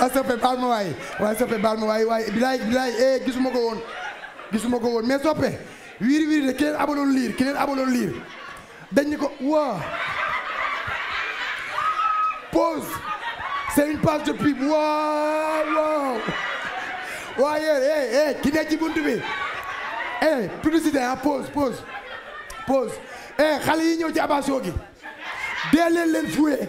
waaw soppe baal ma est bilay, eh est ko won. lire? ko won. mais soppe wiiri wiiri de ko pause c'est une page de pub eh eh ki ci buntu bi eh ah, président, pause pause pause eh xale yi ci leen fouet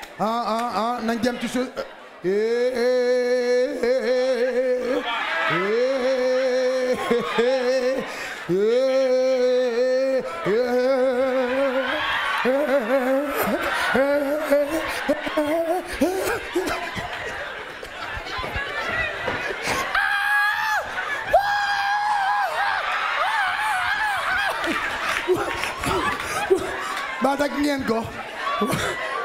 ah ah ah nañ dem ci chose ba tak ngeen ko